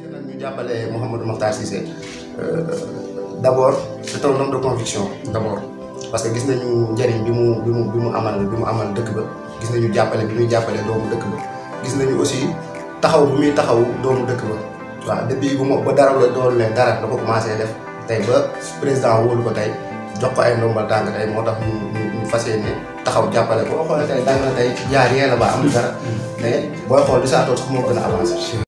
gisee nag ñu jàppale Mouhamadou Makhtar Cissé euh, d' abord c' est un de conviction d' abord parce que gis nañu njëriñ bi mu bi mu bi mu amal bi mu amal dëkk ba gis ñu jàppale bi muy jàppale doomu dëkk ba gis nañu aussi taxaw bi muy taxaw doomu dëkk ba waaw depuis bu ma ba dara la doon leen dara da ko commencé def tey ba président wóolu ko tey jox ko ay ndombal tàng tey moo tax ñu ñu fas yéene taxaw jàppale ko boo xoolee tey daan na tey jaar yee ba am dara mm-hmm. mais booy xool di saa toog